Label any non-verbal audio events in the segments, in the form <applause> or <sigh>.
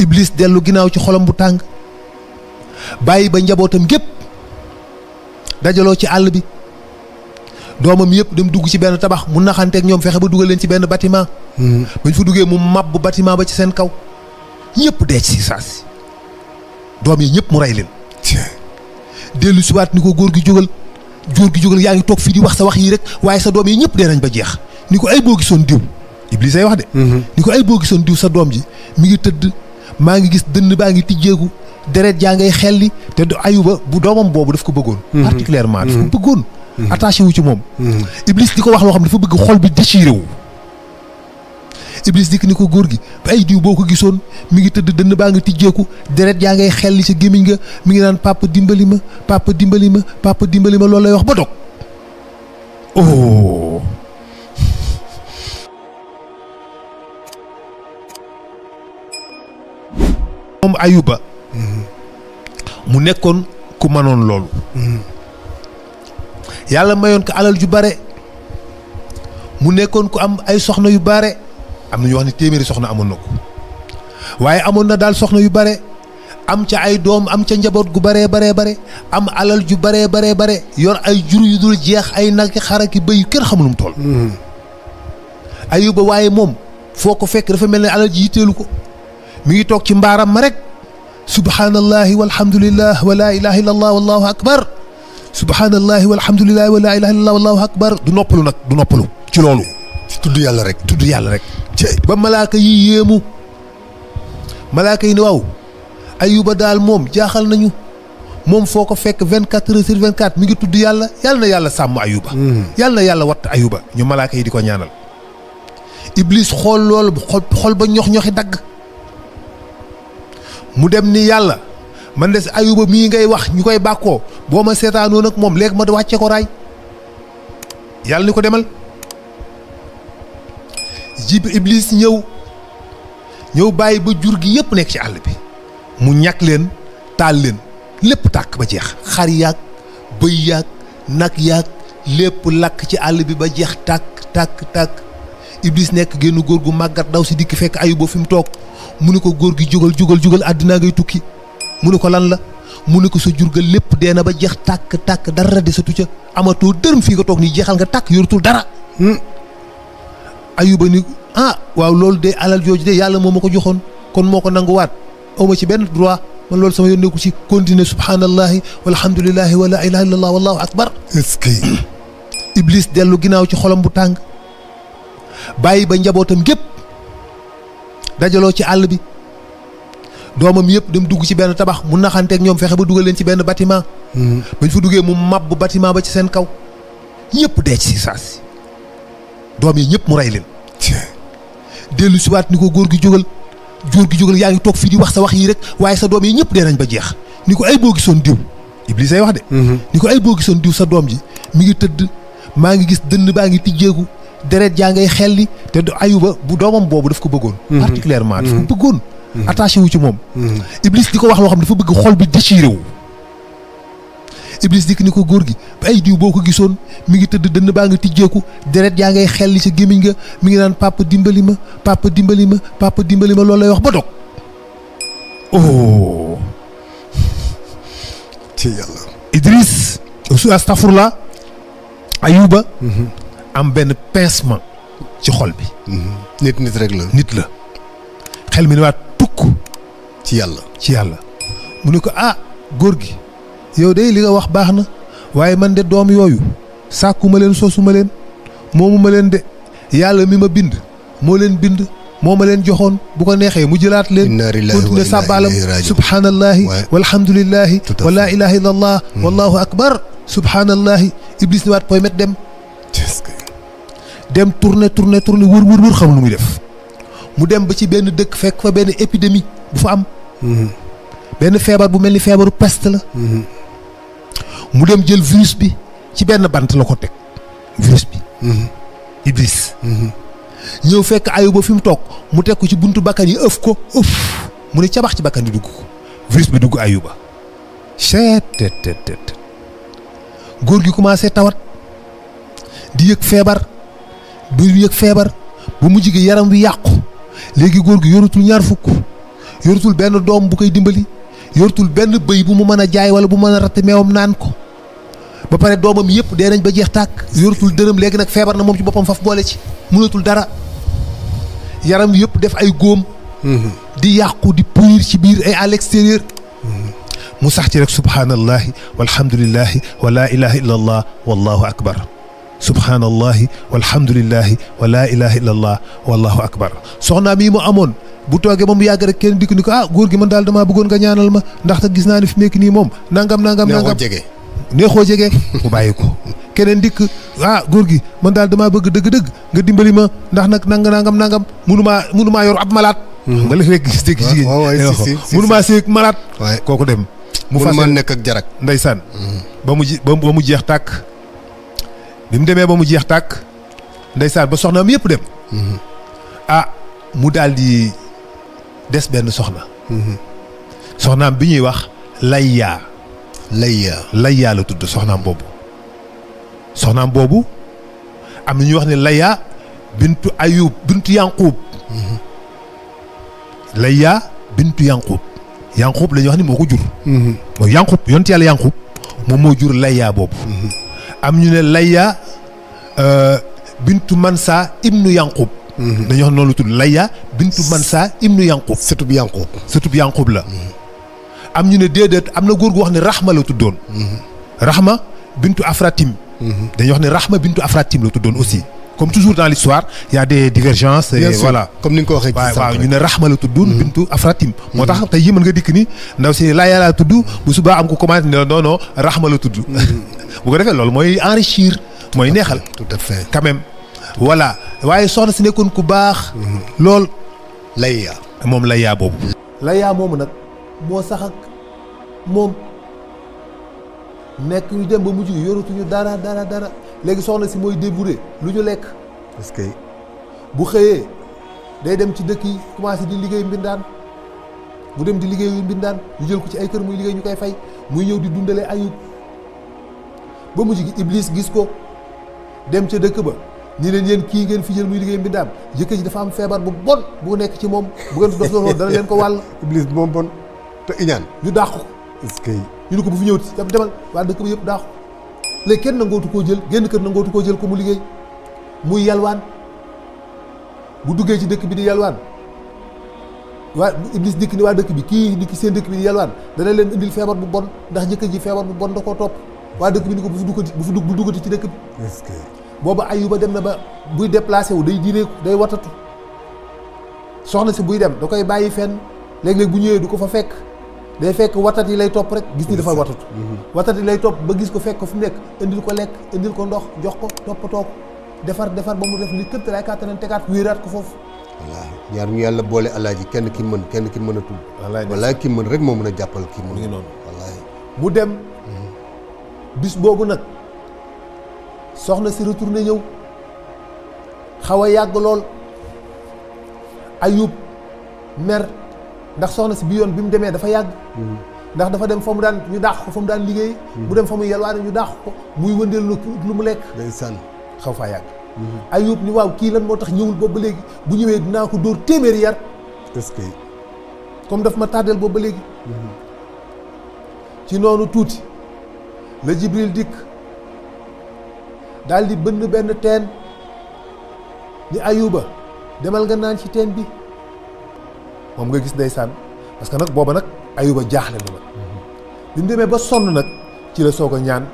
iblis delu ginaaw ci xolam bu tang bayyi ba njabotam gep dajalo ci all bi domam yep dem dugg ci ben tabax mu ak ñom fexé ba duggal leen ci ben bâtiment hmm. bañ fu duggé mu mabbu bâtiment ba ci sen kaw ñep dee ci sas dom yi ñep mu ray leen delu ci wat niko gor gi jógal gor gi jógal yaangi tok fi di wax sa wax yi rek waye sa dom yi ñep nañ ba jeex niko ay bo gi son diw iblis ay wax de hmm. niko ay bo gi son diw sa dom ji mi ngi teud maa ngi gis dënd baa ngi tijjeeku deret jaa ngay xelli te du ayuba bu doomam boobu daf ko bëggoon mhm. particulièrement daf ko mhm. bëggoon mhm. attaché wu ci moom iblis di ko wax loo xam dafa bëgg xol bi déchiré wu iblis dik ni ko góor gi ba ay diw boo ko gisoon mi ngi tëdd dënn baa ngi tijjeeku deret yaa ngay xelli sa gémmiñ nga mi ngi naan papa dimbali ma papa dimbali ma papa dimbali ma loolu lay wax ba dog oh moom ayuba mu nekkoon ku mënoon loolu yàlla mayoon ko alal ju bare mu nekkoon ku am ay soxna yu bare am na ñu wax ne téeméeri soxna amoon na ko waaye amoon na daal soxna yu bare am ca ay doom am ca njaboot gu bare bare bare am alal ju bare bare bare yor ay jur yu dul jeex ay nag ki xar ki bëy kenn xamul mu mm-hmm. ayuba waaye moom foo ko fekk dafa mel ne alal ji yitteelu ko mi ngi toog ci mbaaram ma rek subhanallahi walhamdulillah wa laa ilaha illallah wallahu akbar subhanallahi walhamdulillah wa laa ilaha illallah wallahu akbar du noppalu nag du noppalu ci loolu tudd yàlla rek tudd yàlla rek ba malaaka yi yéemu malaaka yi ne waaw ayuba daal moom jaaxal nañu moom foo ko fekk vingt quatre heures sur vingt quatre mi ngi tudd yàlla yàlla na yàlla sàmm ayuba yàlla na yàlla watt ayuba ñu malaaka yi di ko ñaanal iblis xool loolu xol ba ñox ñoxi dagg mu dem ni yàlla man des ayuba mii ngay wax ñu koy bàkkoo boo ma seetaanoo nag moom léegi ma wàcce ko raay yàlla ni ko demal jib iblis ñëw ñëw bàyyi ba jur gi yëpp nekk ci àll bi mu ñàkk leen taal leen lépp tàkk ba jeex xar yaag bëy yaag nag yaag lépp lakk ci àll bi ba jeex tàkk tàkk tàkk iblis nekk génn góor gu màggat daw si dikk fekk ayuba fi mu toog Munuku ni ko gi jugal jugal jugal adina ngay tukki mu ko lan la mu ni ko sa jurga lépp dee ba jeex tak tak dara desatu ca amato dërëm fi nga tok ni jeexal nga tak dara hmm. ayuba ni ah waaw lol de alal jooju de yalla momako joxon kon moko ko wat awma ci ben droit man lol sama yónneeku ci continuer subhanallahi walhamdulillahi wala ilaha illallah wallahu akbar eske iblis delu ginaaw ci xolam bu tang bàyyi ba njabotam gep dajalo ci all bi domam yep dem dugg ci ben tabax mu ak ñom fexé ba duggal leen ci ben bâtiment hmm. bañ fu duggé mu mabbu bâtiment ba ci sen kaw ñëpp dé ci sas dom yi ñëpp mu ray leen dellu ci wat ni ko góor gi jógal jóor gi yaangi tok fi di wax sa wax yi rek waye sa dom yi dé nañ ba jeex ni ko ay diw iblis ay wax dé hmm. ni ko ay boo gisoon diw sa dom ji mi ngi teud ma ngi gis dënd ba ngi deret ja ngay xelli te ayuba bu domam bobu daf ko beggon mhm. particulièrement daf ko mhm. beggon mhm. attaché wu ci mom iblis di wax lo xam dafa bëgg xol bi déchiré wu iblis dik ni ko góor gi ay diw boko gisone mi ngi teud deun ba nga tijjeku deret ja ngay xelli ci gemiñ nga mi ngi nan papa dimbali papa dimbali papa dimbali ma lay wax ba dok oh <laughs> ci yalla idris su astafurla ayuba am benn pincement ci xol bi. nit nit rek la. nit la xel mi ne waat tukk. ci yàlla ci yàlla. mu ne ko ah góor gi yow de li nga wax baax na waaye man de doom yooyu sàkkuma leen sosuma leen moomuma leen de yàlla mi ma bind moo leen bind moo ma leen joxoon bu ko neexee mu jëlaat leen. inna lillahi wa inna ilayhi raji'un continué sàbbaalam subhaanallahi walhamdulillahi wa laa ilaaha illallah. wallahu akbar subhanallahi iblis ni waat poy met dem. dem tourner tourner tourner wour wour wour xam lu muy def mu dem ba ci benn dëkk fekk fa benn épidémie bu fa am mhm. benn feebar bu mel ni feebaru peste la mhm. mu dem jël virus bi ci benn bant la ko teg virus bi mhm. ibis. ñëw fekk ayuba fi mu toog mu teg ko ci buntu bakkan yi ëf ko ëf mu ne bax ci bakkan yi dugg virus bi dugg ayuba seet tet tet góor gi commencé tawat di yëg feebar bu yëg feebar bu mujj gi yaram wi yàqu léegi góor gi yoratul ñaar fukk yoratul benn doom bu koy dimbali yoratul benn bëy bu mu mën a jaay wala bu mën a ratt meewam naan ko ba pare doomam yëpp dee nañ ba jeex tàkk yoratul dërëm léegi nag feebar na moom ci boppam faf boole ci mënatul dara yaram yëpp def ay góom di yàqu di pourrir ci biir ay à l'extérieur mu sax ci rek subhaanallahi walhamdulillahi wa laa ilaha illa allah wallahu akbar Subhanallah, walhamdulillahi wa la ilaha illallah wallahu akbar soxna mi mu amone bu toge mom yag rek ken dik ni ko ah góor gi man dal dama bëggon nga ñaanal ma ta gis naa fi nek ni mom nangam nangam nangam xoo jege mu bayiko ko keneen dikk ah góor gi man dal dama bëgg deug deug nga dimbali ma ndax nak nanga nangam nangam munuma munuma yor ab malat hmm. nga lef rek gis dik jigen munuma sik malat koku dem mu nek ak jarak ndaysan hmm. ba mu ba mu jeex tak bi mu demee ba mu jeex tàkk ndeysaan ba soxnaam yëpp dem. Mhm. ah mu daldi des benn soxna. Mhm. soxnaam bi ñuy wax layyaa. layyaa layyaa la tudd soxnaam boobu. soxnaam boobu am lu ñuy wax ne layyaa bintu ayub bintu yanquub. Mhm. layyaa bintu yanquub. yanquub la wax ni moo ko jur. mooy yanquub yonent yàlla yanquub moom moo jur layyaa boobu. am ñu euh, Bintu Mansa Ibnu Yanqub. Mhm. dañ wax noonu lu tudd Layya Bintu Mansa Ibnu Yanqub. sëtub Yanqub sëtub Yanqub la. Mhm. am ñu ne déedéet am na góor gu wax Rahma la tuddoon. Mhm. Rahma Bintu Afratim. dañ wax ni Rahma Bintu Afratim la tuddoon aussi. comme toujours dans l'histoire il y a des divergences. et voilà comme ni ko waxee. waaw waaw ñu ne Rahma la Bintu Afratim. motax tay yi yii nga dik ni ndaw si Layya la tudd bu suba am ko commencé non non Rahma la tudd. bu ko defee loolu mooy enrichir mooy neexal. tout à fait voilà waaye soxna si nekkoon ku baax. Mm-hmm. lool layyaa. moom yaa boobu. layyaa moomu nag moo sax ak moom nekk ñu jëm ba mujj yoratuñu dara dara dara léegi soxna si mooy débouré lu ñu lekk. est que bu xëyee day dem ci dëkk yi commencé di liggéey mbindaan mu dem di liggéeyu mbindaan ñu jël ko ci ay kër muy liggéey ñu koy fay muy ñëw di dundale ayub. ba mujj gi Iblis gis ko dem ca dëkk ba ñi leen yéen kii ngeen fi jël muy liggéey mbindaam jëkkër ji dafa am feebar bu bon bu nekk ci moom bu ngeen dof dof dana leen ko wàll Iblis bi moom bon te iñaan ñu dàq ko est ñu ne ko bu fi ñëw ci daf demal waa dëkk ba yëpp dàq ko léegi kenn nangootu koo jël génn kër nangootu koo jël ko mu liggéey muy yalwaan bu duggee ci dëkk bi di yalwaan waa Iblis dikk ni waa dëkk bi kii dikk seen dëkk bi di yalwaan dana leen indil feebar bu bon ndax jëkkër ji feebar bu bon da koo topp waa dëkk bi ni ko bu fi duggati bu fi dugg bu duggati ci dëkk bi. est-ce que. boobu Ayuba dem na ba buy déplacé wu day direeku day watatu soxna si buy dem da koy bàyyi fenn léeg-léeg bu ñëwee du ko fa fekk day fekk watat yi lay topp rek gis ni dafay watatu mhm. watat yi lay topp ba gis ko fekk ko fu mu nekk indil ko lekk indil ko ndox jox ko toppatoo ko defar defar ba mu def li këpp te lay kàttanam tegaat wéeraat ko foofu ñaar ñu yàlla boole alaaji kenn ki mën kenn ki mën a tudd wallaahi ki mën rek moo mën a jàppal ki mën ngi noonu wallaahi mu dem mhm. bis boobu nag soxna si retourné ñëw xaw a yàgg lool ayub mer ndax soxna si bii yoon bi mu demee dafa yàgg hmm. ndax dafa dem fa mu daan ñu dàq ko fa mu daan liggéey bu hmm. dem fa muy yalwaane ñu dàq ko muy wëndeel lu lu mu lekk ndeysaan xaw faa yàgg hmm. ayub ni waaw kii lan moo tax ñëwul boobu ba léegi bu ñëwee dinaa ko dóor téeméeri yar est-ce comme daf ma tàddeel boobu ba léegi ci noonu tuuti la Jibril dikk daal di bënn benn teen ni Ayuba demal nga naan ci teen bi moom nga gis ndeysaan parce que nag booba nag Ayuba jaaxle na nag mm-hmm. bi mu demee ba sonn nag ci la soog a ñaan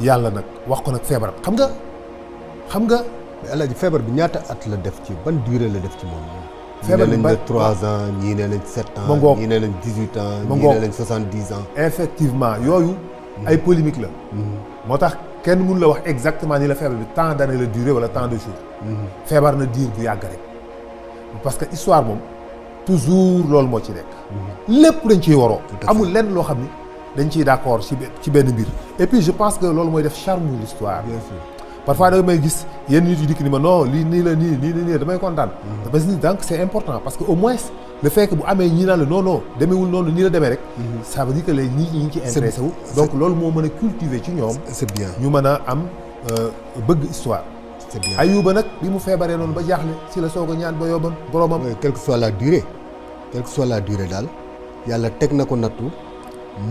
yàlla nag wax ko nag feebaram xam nga xam nga. mais El Hadj feebar bi ñaata at la def ci ban durée la def ci moom. feebar bi bari trois ans ñii ne leen sept ans. ma ne leen dix huit ans. ma ngoog ñii ne effectivement yooyu. ay polémique la. moo tax kenn mënu la wax exactement ni la feebar bi tant d'année la durée wala tant de jours. feebar na diir bu yàgg rek. parce que histoire moom toujours loolu moo ci nekk. lépp dañ ciy waroo. amul lenn loo xam ni dañ ciy d'accord ci ci benn mbir. et puis je pense que loolu mooy def charme l'histoire. parfois da may gis yenn nit yi dikk ni ma non lii nii la nii nii nii damay kontaan. parce mm-hmm. que donc c'est important parce que au moins le fait que bu amee ñii naan la non non demeewul noonu nii la demee rek. Mhm. ça veut dire que les ñii ñi ngi ciy intéressé donc loolu moo mën a cultiver ci ñoom. c'est bien ñu mën a am euh, bëgg histoire. c'est bien Ayuba nag bi mu feebaree non ba jaxlé si la sogo ñaan ba yobam boromam. quelle que soit la durée quelle que soit la durée dal yalla teg na ko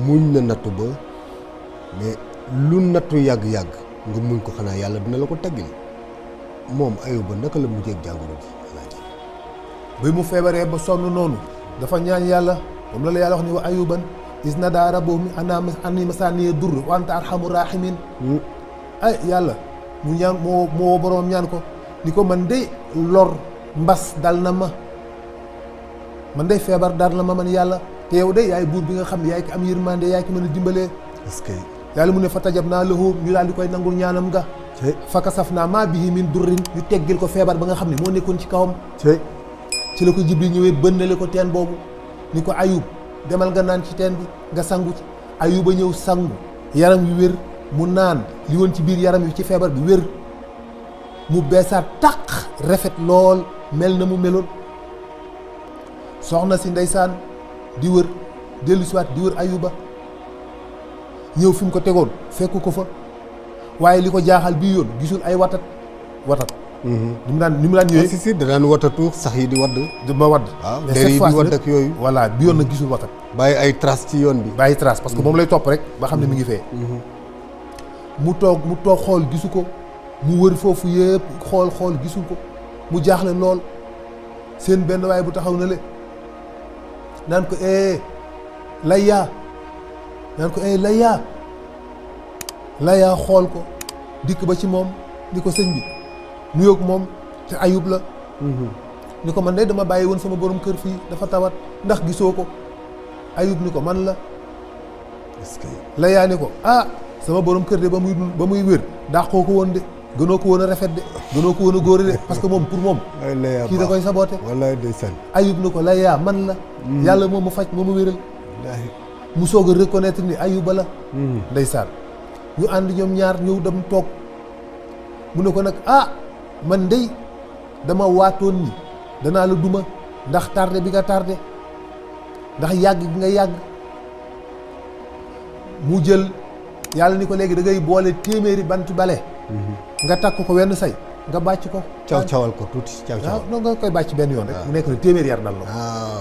muñ na natou ba mais lu natou yag yag nga muñ ko xana yalla dina la ko teggil moom Ayuba naka la mujjee jàngoro ji bi mu feebaree ba sonu nonu dafa ñaan yalla mom la la yàlla wax ni wa ayuban is na daa rabbuhu ana anni masani dur wa anta arhamu rahimin ay yalla mu ñaan mo mo borom ñaan ko niko man de lor mbas dal na ma man de febar dal na ma man yalla te yow de yaay bur bi nga xam yaay ki am yirmande yaay ki meuna dimbele dimbalee est mu ne fa lahu ñu dal di nangul ñaanam nga fakasaf nama maa bihi min durrin yu teggil ko febar ba nga xam ne mo nekkoon ci kawam ci la ko Jibril ñëwee bënnale ko teen boobu ni ko ayub demal nga naan ci teen bi nga sangu ci ayuba ñëw sangu yaram wi wér mu naan li woon ci biir yaram wi ci feebar bi wér mu beesaat tax rafet lool mel na mu meloon soxna si ndeysaan di wër dellu siwaat di wër ayuba ñëw fi mu ko tegoon fekk ko fa waaye li ko jaaxal bii yoon gisul ay watat watat ni mu daan ni mu daan ñëwee ah, si da daan watatu sax yi di wadd ma wadd waaw ah, der yi wadd ak yooyu voilà bi yoon nag watat bàyyi ay trace ci yoon bi bàyyi tras parce que mm-hmm. moom lay topp rek ba xam ne mi ngi fee mm-hmm. mu toog mu toog xool gisu ko mu wër foofu yëpp xool xool gisul ko mu jaaxle lool seen benn waay bu taxaw na le naan ko eh layyaa naan ko eh layyaa layyaa xool ko dikk ba ci moom ni ko sëñ bi nuyoog moom te ayub la mhm. ni ko man de dama bàyyi woon sama borom kër fii dafa tawat ndax gisoo ko ayub ni ko man la la yaa ni ko ah sama borom kër de ba muy ba muy wér dàqoo ko woon de gënoo ko woon a rafet de gënoo ko woon a góor de <laughs> parce que moom pour moom kii da koy saboote wallaay ndeysaan ayub ni ko la man la mhm. yàlla moom mu faj moom mu wéral mu soog a reconnaître ni ayuba la mhm. ndeysaan ñu ànd ñoom ñaar ñëw dem toog mu ne ko nag ah man dey dama waatoon ni danaa la duma ndax tardé bi nga tardé ndax yàgg bi nga yàgg mu jël yàlla ni ko léegi da ngay boole téeméeri bant bale mhm. nga takk ko wenn say nga bàcc ko caw cawal ko tuuti caw cawal non nga koy bàcc benn yoon rek ah. nekk ne téeméeri yar dal la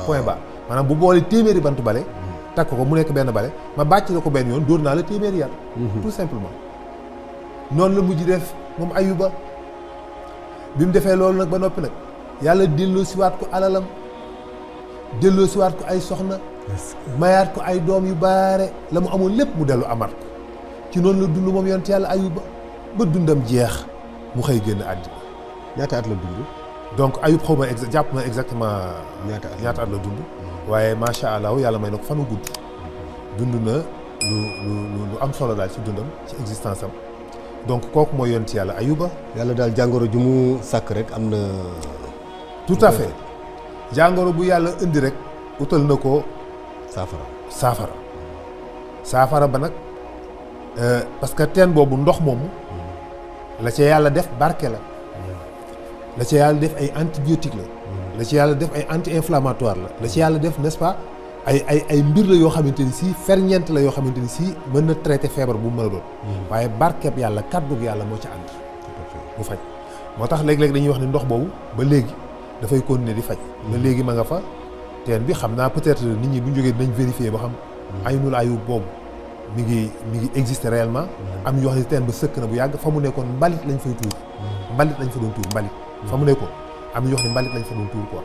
ko ah. bu boole téeméeri bant bale mhm. takk ko mu nekk benn bale ma bàcc la ko benn yoon dóor naa téeméeri yar mhm. tout simplement noonu la mujj def moom ayuba bim defé lolou nak ba nopi nak yàlla ci wat ko alalam ci wat ko ay soxna. mayaat ko ay dom yu bare lamu mu lépp mu delu amar ci non la dund mom yonte yàlla ayuba ba dundam jeex mu xëy génn addu ñata at la dundu donc ayub xawma jàpp ma exactement. ñata at ñaata at la dund. waaye macha allah yàlla may na fanu gudd. dunduna lu lu lu am solo dal ci dundam ci existence am. donc kooku mooy yoon ci yàlla ayuba yàlla daal jàngoro ju mu sàkk rek am na. tout à fait jàngoro bu yàlla indi rek utal na ko. saafara saafara. saafara ba nag euh, parce que teen boobu ndox moomu. la ca yàlla def barke la. la ca yàlla def ay antibiotique la. Mm. la ci yàlla def ay anti inflammatoire la. la ci yàlla def nest ay ay ay mbir la yoo xamante ni si ferñeent la yoo xamante ni si mën na traité feebar bu mu mën a doon. Hmm. waaye barkeb yàlla kàddug yàlla moo ci ànd. mu faj moo tax léeg-léeg dañuy wax ne ndox boobu ba léegi dafay kon ne di faj. Hmm. ba léegi ma nga fa teen bi xam naa peut-être nit ñi bu jógee dañ vérifier ba xam. Hmm. aynul ayub boobu mi ngi mi ngi exister réellement. am yoo xam ne teen ba sëkk na bu yàgg fa mu nekkoon mbalit lañ fay tuur. mbalit lañ fa doon tuur mbalit. fa mu nekkoon am yoo xam lañ fa doon tuur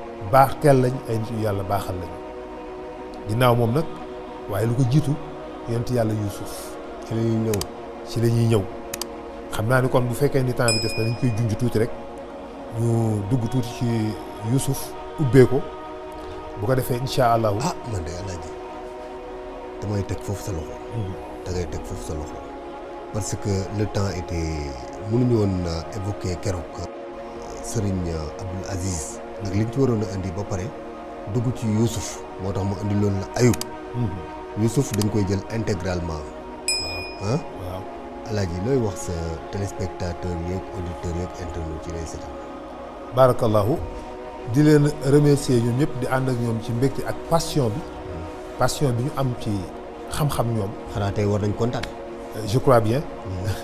baax teel lañ ay nit yu yàlla baaxal lañ ginnaaw moom nag waaye lu ko jiitu yonent yàlla Yuusuf ci la ñëw ci la ñuy ñëw xam naa ni kon bu fekkee ni temps bi des na dañ koy junj tuuti rek ñu dugg tuuti ci Yuusuf ubbee bu ko defee incha allahu. ah de damay teg foofu sa loxo. Hmm. dangay teg foofu sa parce que le temps était mënuñu woon évoquer keroog euh, Serigne Abdoul Aziz. ndax liñ ci waroon a ba pare dugg ci Youssouf motax mo andi indi loolu la Ayub. Mhm. Youssouf dañ koy jël intégralement. hein waaw alaaji wax sa téléspectateur yeeg auditeur yeeg internaute ci lay seetaan. barakallahu di leen remercier ñom ñëpp di and ak ñom ci mbégte ak passion bi. Mhm. passion bi ñu am ci xam-xam ñom xana tay war nañ kontaan. Euh, je crois bien.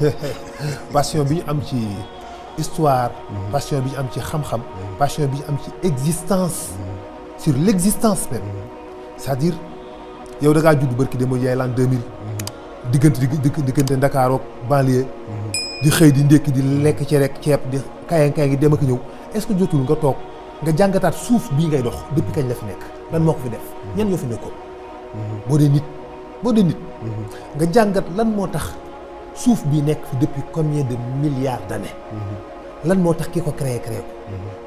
Mhm. <laughs> passion bi ñu am ci histoire mhm. passion bi am ci xam-xam mhm. passion bi am ci existence mhm. sur l'existence existence même c' est à dire yow da nga judd barki demo yaay l'an 2000 diggante diggante Dakar ak banlieue di xey di ndek di lek ci rek ceeb di kayen kaayang gi dem ak ñëw est ce que jotul nga tok nga jangataat suuf bi ngay dox depuis kañ la fi nek lan moko fi def ñan ñoo fi nekkoon bo de nit bo de nit nga jangat lan moo tax suuf bi depuis combien de milliards d'années mhm. lan moo créé créé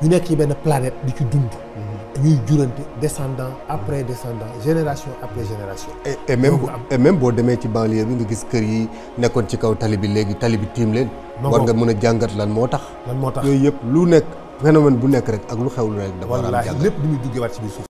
mhm. planète di ci dund mhm. descendant après descendant génération après génération et même et même boo demee ci banlieue bi nga gis yi nekkoon ci kaw tali bi léegi tali bi war nga mën a jàngat lan moo tax lan moo tax lu phénomène bu nekk rek ak lu xew